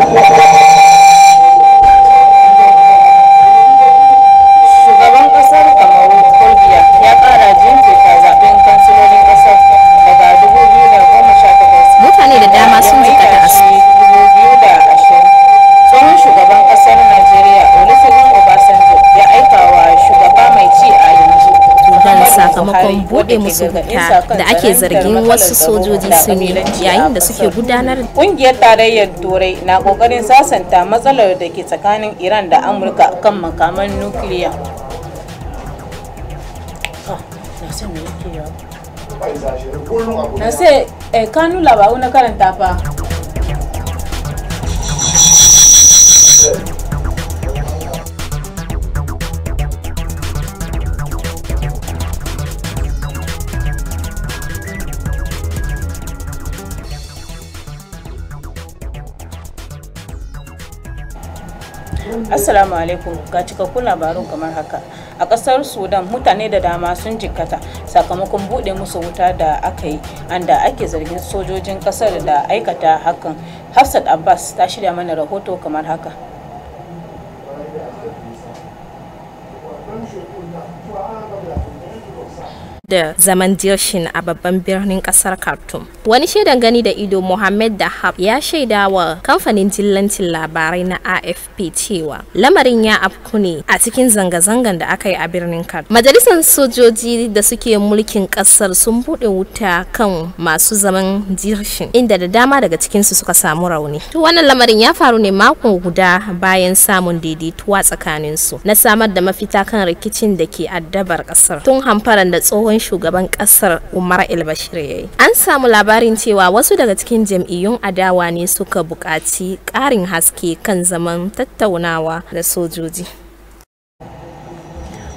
Gracias. sakamakon bude musu wuta da ake zargin wasu sojoji sun yi yayin da suke gudanar ƙungiyar tarayyar turai na kokarin sasanta matsalar da ke tsakanin iran da amurka kan makaman nukiliya ah, na sai eh, kanu labaru na karanta fa Assalamu alaikum ga cikakkun labarun kamar haka. A ƙasar Sudan mutane da dama sun jikkata sakamakon buɗe musu wuta da aka yi anda ake zargin sojojin ƙasar da aikata hakan. Hafsat Abbas ta shirya mana rahoto kamar haka. da zaman dirshin a babban birnin kasar khartoum wani shaidan gani da ido mohammed dahab ya shaida wa kamfanin jillancin labarai na afp cewa lamarin ya afku ne a cikin zanga-zangan da aka yi a birnin khartoum majalisar sojoji da suke mulkin kasar sun buɗe wuta kan masu zaman dirshin inda da dama daga cikinsu suka samu rauni to wannan lamarin ya faru ne mako guda bayan samun daidaituwa tsakaninsu na samar da mafita kan rikicin da ke addabar kasar tun hamfaran da tsohon tsohon shugaban kasar umar el-bashir ya an samu labarin cewa wasu daga cikin jam'iyyun adawa ne suka buƙaci ƙarin haske kan zaman tattaunawa da sojoji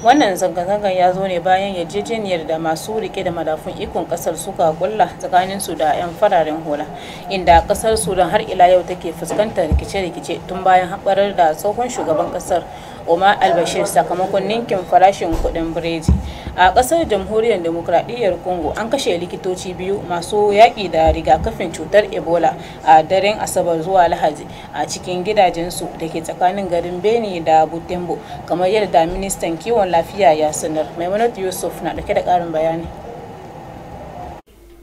wannan zanga-zangar ya zo ne bayan yarjejeniyar da masu rike da madafun ikon kasar suka kulla tsakanin su da 'yan fararen hula inda kasar sudan har ila yau take fuskantar rikice-rikice tun bayan haɓarar da tsohon shugaban kasar Umar Albashir sakamakon ninkin farashin kudin biredi. A kasar Jamhuriyar Demokradiyyar Congo an kashe likitoci biyu masu yaƙi da rigakafin cutar Ebola a daren Asabar zuwa Lahadi a cikin gidajensu da ke tsakanin garin Beni da Butembo kamar yadda ministan kiwon lafiya ya sanar. Maimunat Yusuf na ɗauke da ƙarin bayani.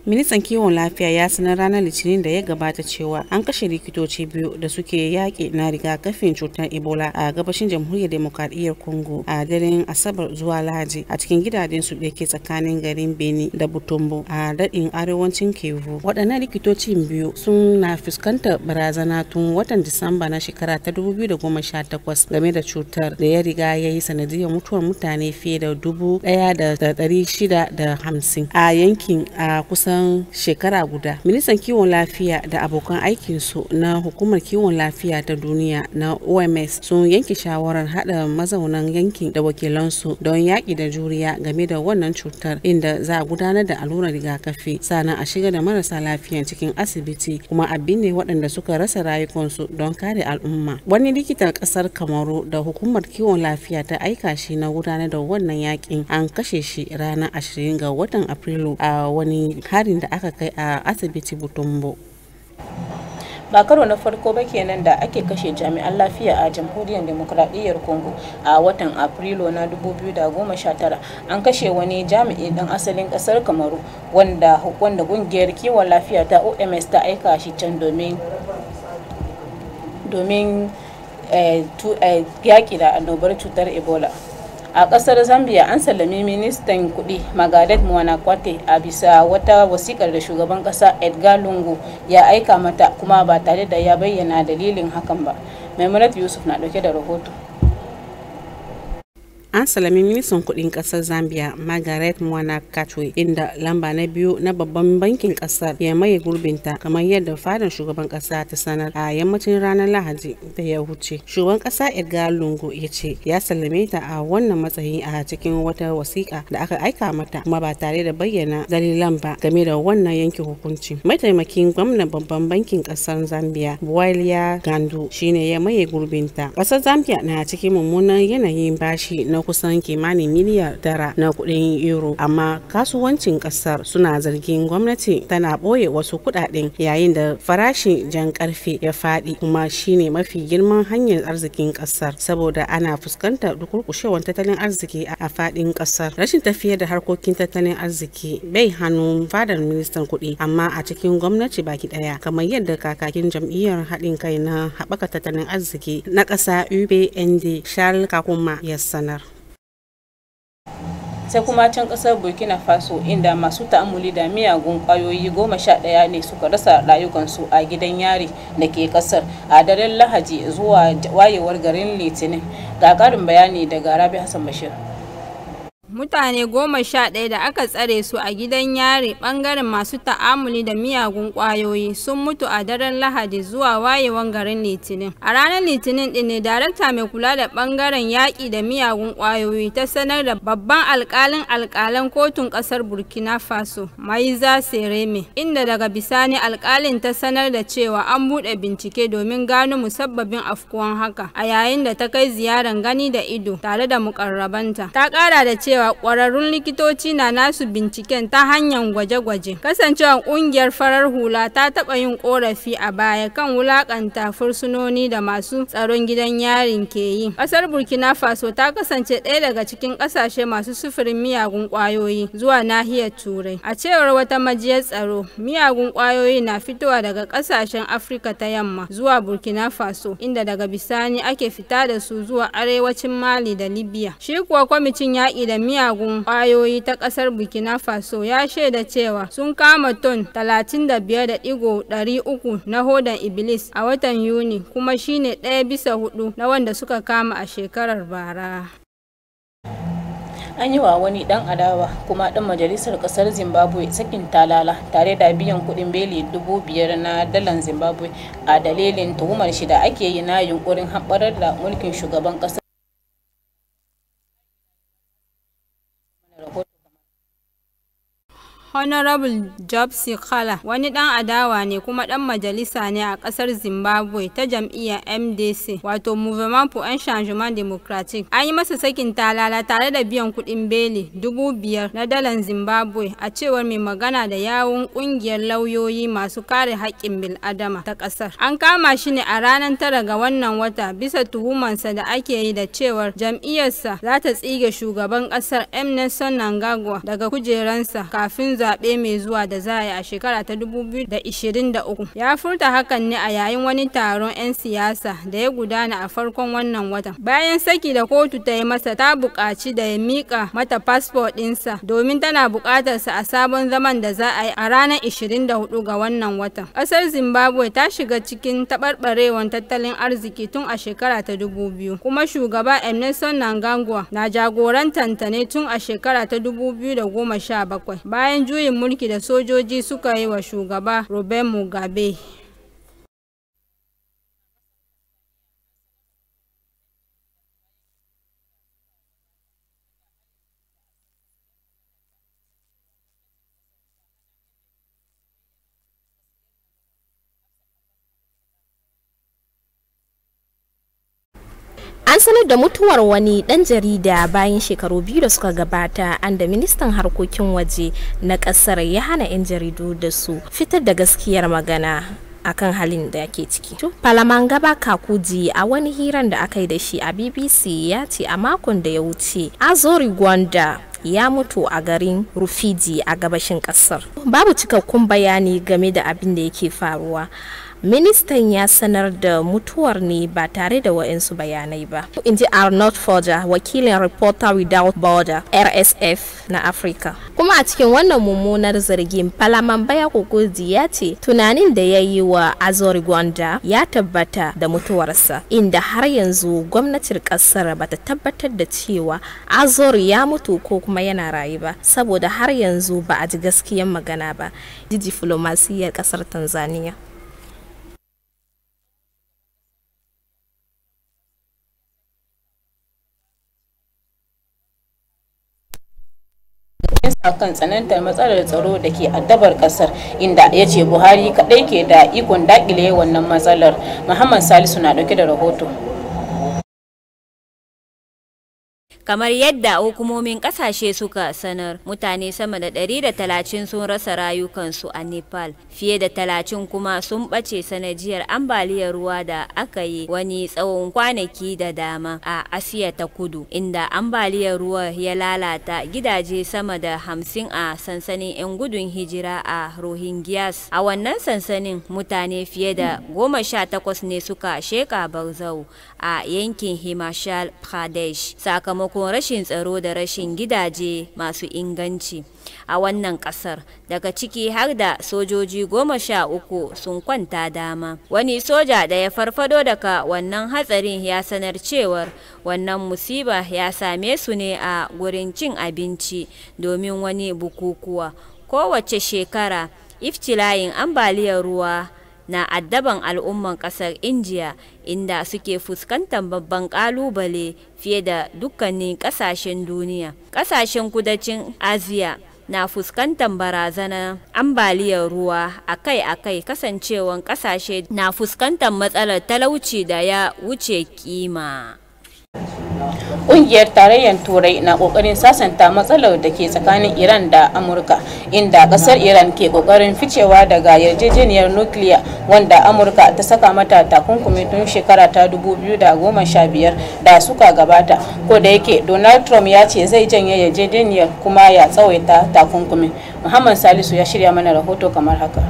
ministan kiwon lafiya ya sanar ranar litinin da ya gabata cewa an kashe likitoci biyu da suke yaƙi na rigakafin cutar ebola a gabashin jamhuriyar demokradiyyar congo a daren asabar zuwa lahadi a cikin gidajen su da ke tsakanin garin beni da butumbo a daɗin arewacin Kivu. waɗannan likitocin biyu sun na fuskantar barazana tun watan disamba na shekara ta 2018 game da cutar da ya riga ya yi sanadiyar mutuwar mutane fiye da dubu ɗaya da ɗari shida da hamsin a yankin a kusa kusan shekara guda ministan kiwon lafiya da abokan aikinsu na hukumar kiwon lafiya ta duniya na oms sun yanke shawarar hada mazaunan yankin da wakilansu don yaƙi da juriya game da wannan cutar inda za a gudanar da allurar rigakafi sannan a shiga da marasa lafiya cikin asibiti kuma a binne waɗanda suka rasa rayukansu don kare al'umma wani likitan ƙasar kamaru da hukumar kiwon lafiya ta aika shi na gudanar da wannan yaƙin an kashe shi ranar ashirin ga watan afrilu a wani hari harin da aka kai a asibiti butumbo ba karo na farko ba kenan da ake kashe jami'an lafiya a jamhuriyar demokradiyyar congo a watan afrilu na 2019 an kashe wani jami'i dan asalin kasar kamaru wanda wanda kungiyar kiwon lafiya ta oms ta aika shi can domin domin eh, eh, da annobar cutar ebola a kasar zambia an sallami ministan kudi magalet mwanakwate a bisa wata wasikar da shugaban kasa edgar lungu ya aika mata kuma ba tare da ya bayyana dalilin hakan ba maimunat yusuf na dauke da rahoto an salami ministan kudin kasar zambia margaret mwana katwe inda lamba na biyu na babban bankin kasar ya maye gurbinta kamar yadda fadar shugaban kasa ta sanar a yammacin ranar lahadi da ya huce shugaban kasa edgar lungu ya ce ya sallame ta a wannan matsayi a cikin wata wasiƙa da aka aika mata kuma ba tare da bayyana dalilan ba game da wannan yankin hukunci mataimakin gwamnan babban bankin kasar zambia buwaliya gandu shine ya maye gurbinta kasar zambia na cikin mummunan yanayin bashi na kusan kimanin miliyar tara na kuɗin euro amma kasuwancin ƙasar suna zargin gwamnati tana ɓoye wasu kuɗaɗen yayin da farashin jan karfe ya faɗi kuma shine mafi girman hanyar arzikin ƙasar saboda ana fuskantar dukurkushewar tattalin arziki a faɗin ƙasar rashin tafiyar da harkokin tattalin arziki bai hannu fadar ministan kuɗi amma a cikin gwamnati baki ɗaya kamar yadda kakakin jam'iyyar haɗin kai na haɓaka tattalin arziki na ƙasa UPND Charles Kakuma ya sanar. sai kuma can kasar burkina faso inda masu ta'amuli da miyagun kwayoyi goma sha ɗaya ne suka rasa rayukansu a gidan yari da ke kasar a daren lahaji zuwa wayewar garin litinin ga ƙarin bayani daga rabi hassan bashir mutane goma sha ɗaya da aka tsare su a gidan yari ɓangaren masu ta'amuli da miyagun ƙwayoyi sun mutu a daren lahadi zuwa wayewan garin litinin a ranar litinin ɗin ne darakta mai kula da ɓangaren yaƙi da miyagun ƙwayoyi ta sanar da babban alƙalin alƙalan kotun ƙasar burkina faso maiza sereme inda daga bisani alƙalin ta sanar da cewa an buɗe bincike domin gano musabbabin afkuwan haka a yayin da ta kai ziyaran gani da ido tare da muƙarrabanta ta ƙara da cewa cewa ƙwararrun likitoci na nasu binciken ta hanyar gwaje-gwaje. Kasancewar ƙungiyar farar hula ta taɓa yin ƙorafi a baya kan wulaƙanta fursunoni da masu tsaron gidan yarin ke yi. Ƙasar Burkina Faso ta kasance ɗaya daga cikin ƙasashe masu sufurin miyagun ƙwayoyi zuwa nahiyar Turai. A cewar wata majiyar tsaro, miyagun ƙwayoyi na fitowa daga ƙasashen Afirka ta yamma zuwa Burkina Faso, inda daga bisani ake fita da su zuwa arewacin Mali da Libya. Shi kuwa kwamitin yaƙi da miyagun kwayoyi ta kasar burkina faso ya shaida cewa sun kama ton 35.300 na hodan iblis a watan yuni kuma shine ɗaya bisa hudu na wanda suka kama a shekarar bara an yi wa wani dan adawa kuma dan majalisar kasar zimbabwe sakin talala tare da biyan kudin beli dubu biyar na dalan zimbabwe a dalilin tuhumar shi da ake yi na yunkurin haɓarar da mulkin shugaban kasar Honorable job Kala wani dan adawa ne kuma dan majalisa ne a kasar Zimbabwe ta jam'iyyar MDC wato Movement for un Changement Democratic. An yi masa sakin talala tare da biyan kuɗin beli dubu biyar na dalan Zimbabwe a cewar mai magana da yawun ƙungiyar lauyoyi masu kare haƙƙin bil'adama ta ƙasar An kama shi ne a ranar tara ga wannan wata bisa tuhumansa da ake yi da cewar jam'iyyarsa za ta tsige shugaban kasar Nelson Nangagwa daga kujeransa kafin zaɓe mai zuwa da za a yi a shekara ta 2023. Ya furta hakan ne a yayin wani taron 'yan siyasa da ya gudana a farkon wannan watan. Bayan saki da kotu ta yi masa ta buƙaci da ya miƙa mata fasfo ɗinsa domin tana buƙatarsa a sabon zaman da za a yi a ranar 24 ga wannan watan. Ƙasar Zimbabwe ta shiga cikin taɓarɓarewar tattalin arziki tun a shekara ta 2000 kuma shugaba Emerson Nangangwa na jagorantanta ne tun a shekara ta 2017 bayan juyin mulki da sojoji suka yi wa shugaba Robert Mugabe. sanar da mutuwar wani dan jarida bayan shekaru biyu da suka gabata an da ministan harkokin waje na kasar ya hana 'yan jaridu da su fitar da gaskiyar magana akan halin da ke ciki. Palaman gaba Kakuji a wani hiran da aka yi da shi a BBC ya ce a makon da ya wuce Azori Gwanda ya mutu a garin Rufiji a gabashin kasar. Babu cikakkun bayani game da abin da yake faruwa. ministan ya sanar da mutuwar ne ba tare da wa'insu bayanai ba in ji arnold forger wakilin reporter without border rsf na afirka kuma a cikin wannan mummunar zargin palaman baya kokodi ya ce tunanin da ya yi wa azori gwanda ya tabbata da mutuwarsa inda har yanzu gwamnatin kasar ba ta tabbatar da cewa azori ya mutu ko kuma yana rayu ba saboda har yanzu ba a ji gaskiyan magana ba ji diflomasiyyar kasar tanzania sa kan tsanantar matsalar tsaro da ke addabar kasar inda ya ce buhari kaɗai ke da ikon dakile wannan matsalar muhammad salisu na ɗauke da rahoto kamar yadda hukumomin kasashe suka sanar mutane sama da 130 sun rasa rayukansu a nepal fiye da 30 kuma sun bace sanajiyar ambaliyar ruwa da aka yi wani tsawon kwanaki da dama a asiya ta kudu inda ambaliyar ruwa ya lalata gidaje sama da hamsin a sansanin 'yan gudun hijira a rohingyas a wannan sansanin mutane fiye da 18 ne suka sheka barzau a yankin Himachal Pradesh sakamakon rashin tsaro da rashin gidaje masu inganci a wannan kasar daga ciki har da sojoji goma sha uku sun kwanta dama wani soja da ya farfado daga wannan hatsarin ya sanar cewar wannan musiba ya same su ne a gurin cin abinci domin wani bukukuwa kowace shekara iftilayin ambaliyar ruwa na addaban al'umman kasar india inda suke fuskantar babban kalubale fiye da dukkanin kasashen duniya kasashen kudacin asiya na fuskantar barazanar ambaliyar ruwa akai-akai kasancewan kasashe na fuskantar matsalar talauci da ya wuce kima Ƙungiyar tarayyar Turai na ƙoƙarin sasanta matsalar da ke tsakanin Iran da Amurka, inda ƙasar Iran ke ƙoƙarin ficewa daga yarjejeniyar nukiliya wanda Amurka ta saka mata takunkumi tun shekara ta 2015 da suka gabata. Ko da yake Donald Trump ya ce zai janye yarjejeniyar kuma ya tsawaita takunkumin. Muhammad Salisu ya shirya mana rahoto kamar haka.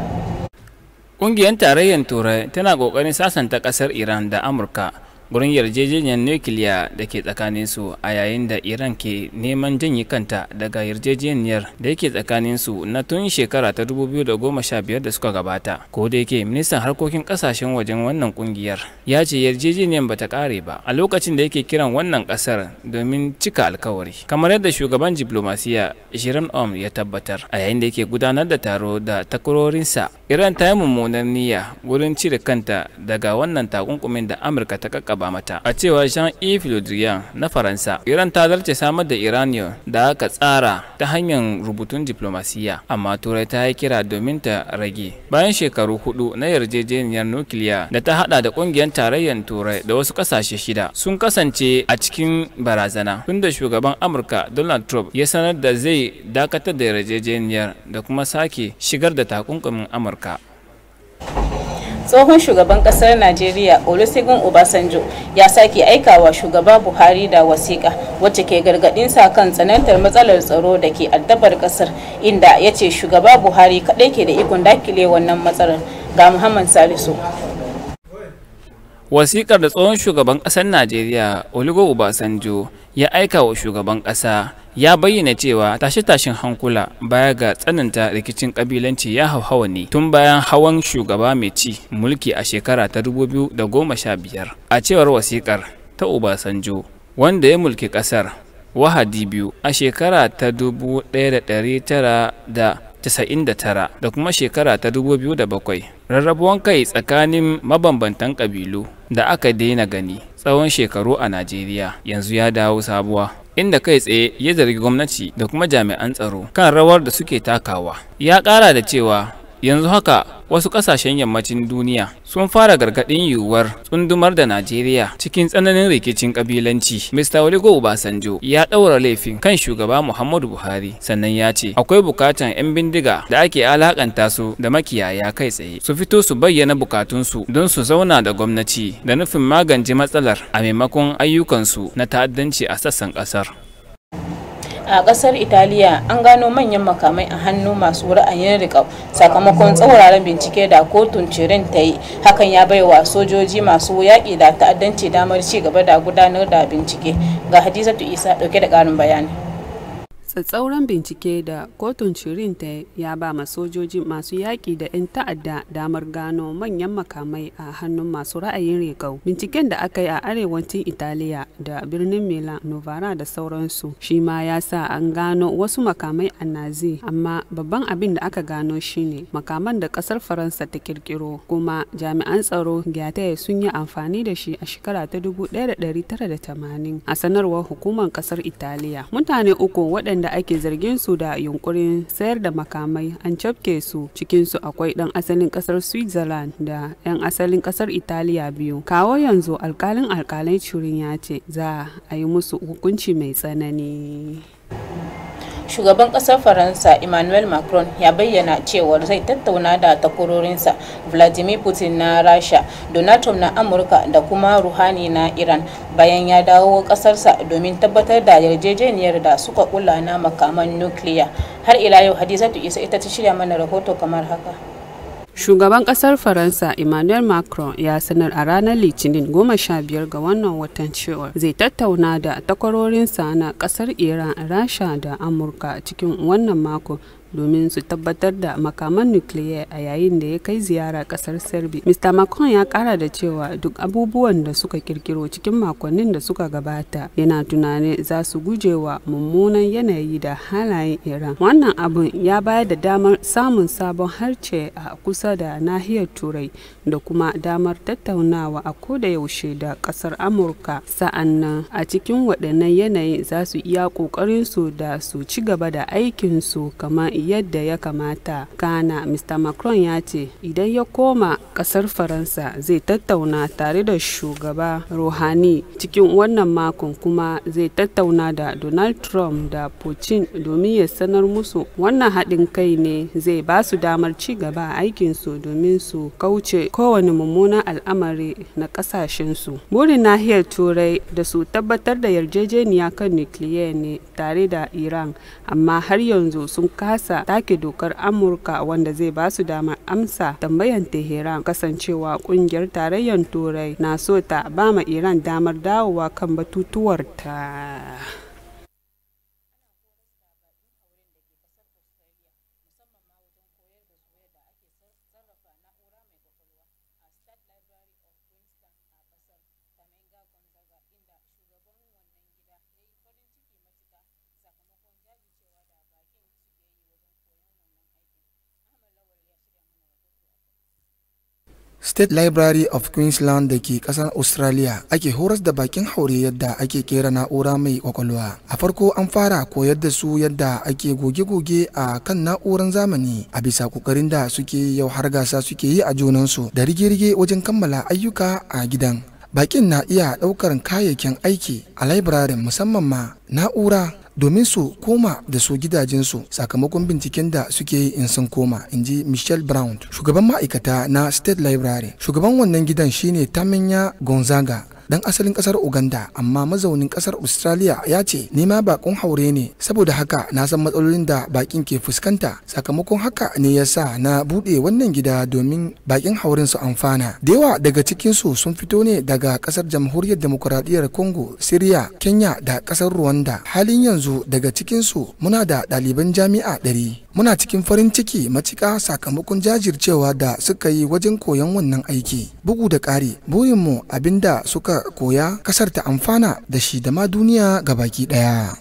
Ƙungiyar tarayyar Turai tana ƙoƙarin sasanta ƙasar Iran da Amurka. gurin yarjejeniyar nukiliya da ke tsakanin su a yayin da iran ke neman janyi kanta daga yarjejeniyar da yake tsakanin su na tun shekara ta 2015 da suka gabata ko da yake ministan harkokin kasashen wajen wannan kungiyar ya ce yarjejeniyar bata kare ba a lokacin da yake kiran wannan kasar domin cika alkawari kamar yadda shugaban diplomasiya shirin om ya tabbatar a yayin da yake gudanar da taro da takwarorinsa iran ta yi mummunar niyya wurin cire kanta daga wannan takunkumin da amurka ta kakka kakaba mata a cewa Jean-Yves Le Drian na Faransa Iran ta zarce samar da Iranian da aka tsara ta hanyar rubutun diplomasiya amma Turai ta yi kira domin ta rage bayan shekaru hudu na yarjejeniyar nukiliya da ta hada da kungiyar tarayyar Turai da wasu kasashe shida sun kasance a cikin barazana tun da shugaban Amurka Donald Trump ya sanar da zai dakatar da yarjejeniyar da kuma sake shigar da takunkumin Amurka tsohon shugaban kasar najeriya olusegun obasanjo ya sake aikawa shugaba buhari da wasiƙa wacce ke gargaɗin sa kan tsanantar matsalar tsaro da ke addabar kasar inda ya ce shugaba buhari kaɗai ke da ikon dakile wannan matsalar ga muhammad salisu wasiƙar da tsohon shugaban ƙasar najeriya olugo obasanjo ya aika wa shugaban ƙasa ya bayyana cewa tashe-tashen hankula baya ga tsananta rikicin kabilanci ya hauhawa ne tun bayan hawan shugaba mai ci mulki a shekara ta 2015 a cewar wasikar ta obasanjo wanda ya mulki ƙasar wahadi biyu a shekara ta 1999 da kuma shekara ta 2007 rarrabuwan kai tsakanin mabambantan kabilu da aka daina gani tsawon shekaru a najeriya yanzu ya dawo sabuwa inda kai tsaye ya zargi gwamnati da kuma jami'an tsaro kan rawar da suke takawa ya ƙara da cewa yanzu haka wasu ƙasashen yammacin duniya sun fara gargaɗin yiwuwar tsundumar da najeriya cikin tsananin rikicin ƙabilanci, mr oligo obasanjo ya ɗaura laifin kan shugaba muhammadu buhari sannan ya ce akwai bukatan 'yan bindiga da ake alakanta su da makiyaya kai tsaye su fito su bayyana bukatunsu don su zauna da gwamnati da nufin magance matsalar a maimakon ayyukansu na ta'addanci a sassan ƙasar a kasar italiya an gano manyan makamai a hannu masu ra'ayin rika sakamakon tsauraran bincike da kotun cirin ta yi hakan ya bai wa sojoji masu yaƙi da ta'addanci damar ci gaba da gudanar da bincike ga hadizatu isa ɗauke da ƙarin bayani tsatsauran bincike da kotun shirin ta ya ba ma sojoji masu yaƙi da 'yan ta'adda damar gano manyan makamai a hannun masu ra'ayin rigau binciken da aka yi a arewacin italiya da birnin milan novara da sauransu shi ma ya sa an gano wasu makamai a nazi amma babban abin da aka gano shine makaman da ƙasar faransa ta kirkiro kuma jami'an tsaro gyataye sun yi amfani da shi a shekara ta dubu ɗaya da da tara tamanin, a sanarwar hukumar ƙasar italiya mutane uku waɗanda waɗanda ake zargin su da yunkurin sayar da makamai an cafke su cikinsu akwai ɗan asalin ƙasar switzerland da 'yan asalin ƙasar italiya biyu kawo yanzu alkalin alkalai shirin ya ce za a yi musu hukunci mai tsanani shugaban kasar faransa emmanuel macron ya bayyana cewar zai tattauna da takwarorinsa vladimir putin na rasha donald na amurka da kuma ruhani na iran bayan ya dawo kasarsa domin tabbatar da yarjejeniyar da suka kula na makaman nukiliya har ila yau hadizatu isa ita ta shirya mana rahoto kamar haka Shugaban kasar Faransa Emmanuel Macron ya sanar a ranar Litinin goma sha biyar ga wannan watan cewar zai tattauna da takwarorinsa na kasar Iran, Rasha da Amurka cikin wannan mako domin su tabbatar da makaman nukiliya a yayin da ya kai ziyara kasar serbi mr macron ya kara da cewa duk abubuwan da suka kirkiro cikin makonnin da suka gabata yana tunanin za su guje wa mummunan yanayi da halayen iran wannan abun ya bayar da damar samun sabon harce a kusa da nahiyar turai da kuma damar tattaunawa a koda yaushe da kasar amurka sa'an nan a cikin waɗannan yanayi za su iya ƙoƙarinsu da su ci gaba da aikinsu kamar yadda ya kamata kana mr macron ya ce idan ya koma kasar faransa zai tattauna tare da shugaba rohani cikin wannan makon kuma zai tattauna da donald trump da putin domin ya sanar musu wannan haɗin kai ne zai ba su damar ci gaba a aikinsu domin su kauce kowane mummunan al'amari na ƙasashensu burin nahiyar turai da su tabbatar da yarjejeniya kan nukiliya ne tare da iran amma har yanzu sun kasa bisa take dokar amurka wanda zai ba su damar amsa tambayan teheran kasancewa kungiyar tarayyar turai na so ta ba ma iran damar dawowa kan batutuwarta State Library of Queensland da ke kasar Australia ake horas da bakin haure yadda ake kera na'ura mai kwakwalwa. A farko an fara koyar da su yadda ake goge-goge a kan na'uran zamani a bisa kokarin da suke yau har gasa suke yi a junansu da rige-rige wajen kammala ayyuka a gidan. Bakin na iya ɗaukar kayayyakin aiki a library musamman ma na'ura domin su koma da su gidajensu sakamakon binciken da suke yi in sun koma in ji michelle brown shugaban ma'aikata na state library shugaban wannan gidan shine taminya gonzaga dan asalin kasar Uganda amma mazaunin kasar Australia ya ce nema bakon haure ne saboda haka na san matsalolin da bakin ke fuskanta sakamakon haka ne yasa na bude wannan gida domin bakin hauren su amfana da daga cikin su sun fito ne daga kasar Jamhuriyar Demokradiyyar Congo, Syria, Kenya da kasar Rwanda halin yanzu daga cikin su muna da ɗaliban jami'a ɗari. muna cikin farin ciki macika sakamakon jajircewa da suka yi wajen koyon wannan aiki bugu da ƙari burinmu abinda suka koya kasar ta amfana da shi da ma duniya ga baki ɗaya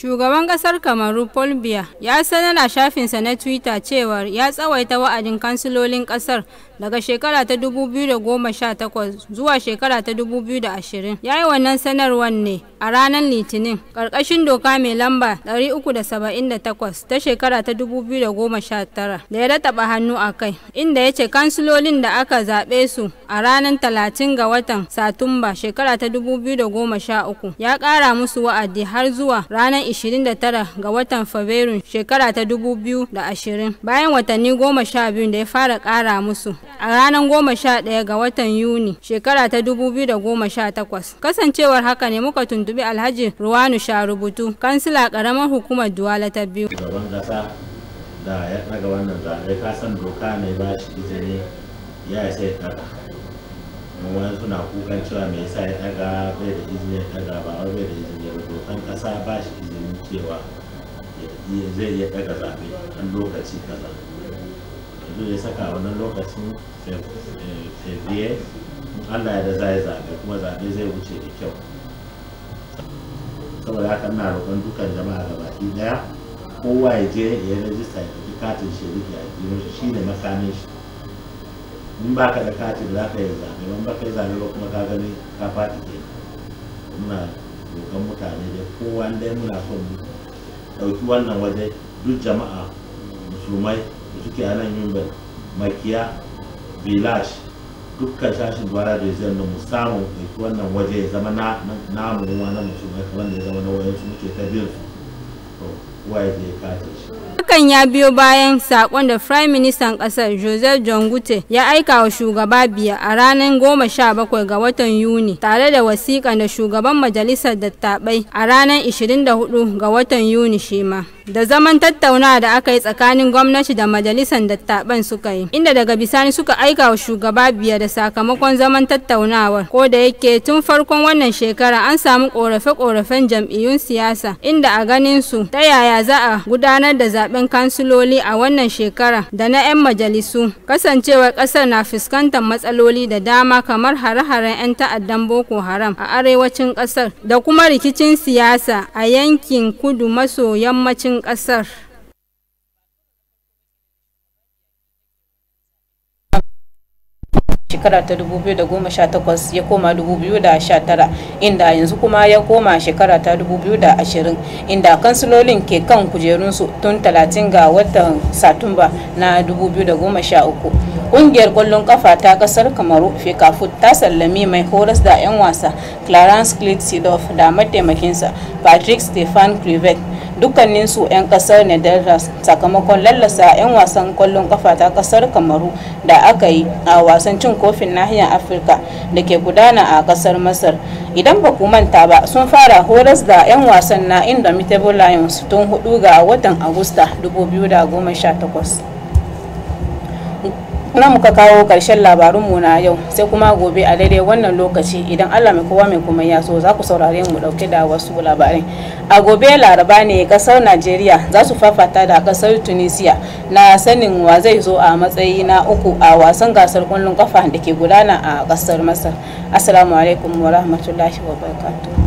Shugaban kasar Kamaru Paul Biya ya sanar a shafinsa na Twitter cewa ya tsawaita wa'adin kansilolin kasar daga shekara ta 2018 zuwa shekara ta 2020. Ya yi wannan sanarwar ne a ranar Litinin ƙarƙashin doka mai lamba 378 ta shekara ta 2019 da ya rataba hannu a kai inda ya ce kansilolin da aka zaɓe su a ranar 30 ga watan Satumba shekara ta 2013 ya ƙara musu wa'adi har zuwa ranar 29 ga watan Fabrairu shekara ta 2020 bayan watanni 12 da ya fara kara musu a ranar 11 ga watan Yuni shekara ta 2018. Kasancewar haka ne muka tuntubi Alhaji Ruwanu Sharubutu, kansila karamar hukumar Duwala ta biyu. da ya wannan zaɓe kasan doka ne ba shi izini ya sai daga ɗaga. wani suna kukan cewa me yasa ya daga bai da izini ya daga ba wai bai da izini ba dokan kasa ba shi izini cewa zai iya daga zaɓe a lokaci kaza yanzu ya saka wannan lokacin fevriye allah ya da za yi zaɓe kuma zaɓe zai wuce da kyau saboda haka na roƙon dukkan jama'a ga baki daya kowa ya je ya rajista ya ɗauki katin shiriki a jikin shi ne makamin shi in ba ka da katin za ka yi zaɓe ban baka yi zaɓe ba kuma ka gani ka faɗi ke muna kan mutane da kowa ya muna son mu dauki wannan waje duk jama'a musulmai da suke a nan yumbar makiya village dukkan shashin gwara da zai mu samu dauki wannan waje ya zama na namu na musulmai kamar da ya zama na wayansu muke ta biyan su to kowa ya je ya shi Hakan ya biyo bayan sakon da Prime Minister kasar jose John Gute ya aika wa shugaba biya a ranar goma sha bakwai ga watan Yuni tare da wasiƙan da shugaban majalisar dattabai a ranar 24 ga watan Yuni shima. da zaman tattaunawa da aka yi tsakanin gwamnati da majalisar dattaban suka yi inda daga bisani suka aika wa shugaba biya da sakamakon zaman tattaunawar ko da yake tun farkon wannan shekara an samu korafe-korafen jam'iyyun siyasa inda a ganin su ta yaya za a gudanar da zaben kansiloli a wannan shekara da na 'yan majalisu kasancewar kasar na fuskantar matsaloli da dama kamar hare-haren 'yan ta'addan boko haram a arewacin kasar da kuma rikicin siyasa a yankin kudu maso yammacin sojojin ƙasar shekara ta 2018 ya koma 2019 inda yanzu kuma ya koma shekara ta 2020 inda kansulolin ke kan kujerunsu tun 30 ga watan satumba na 2013 ƙungiyar ƙwallon kafa ta ƙasar kamaru kafu ta sallami mai horas da 'yan wasa clarence clitsidoff da mataimakinsa patrick stefan Crivet dukkanin su 'yan kasar netherlands sakamakon lallasa 'yan wasan kwallon kafa ta kasar kamaru da aka yi a wasan cin kofin nahiyar afirka da ke gudana a kasar masar idan ba ku manta ba sun fara horas da 'yan wasan na indomitable lions tun hudu ga watan agusta 2018 na muka kawo ƙarshen mu na yau sai kuma gobe a daidai wannan lokaci idan allah mai kowa mai kuma ya so za ku saurare mu dauke da wasu labarai a gobe laraba ne ƙasar najeriya za su fafata da ƙasar tunisia na sanin wa zai zo a matsayi na uku a wasan gasar ƙwallon kafa da ke gudana a ƙasar masar assalamu alaikum wa rahmatullahi wa barakatuh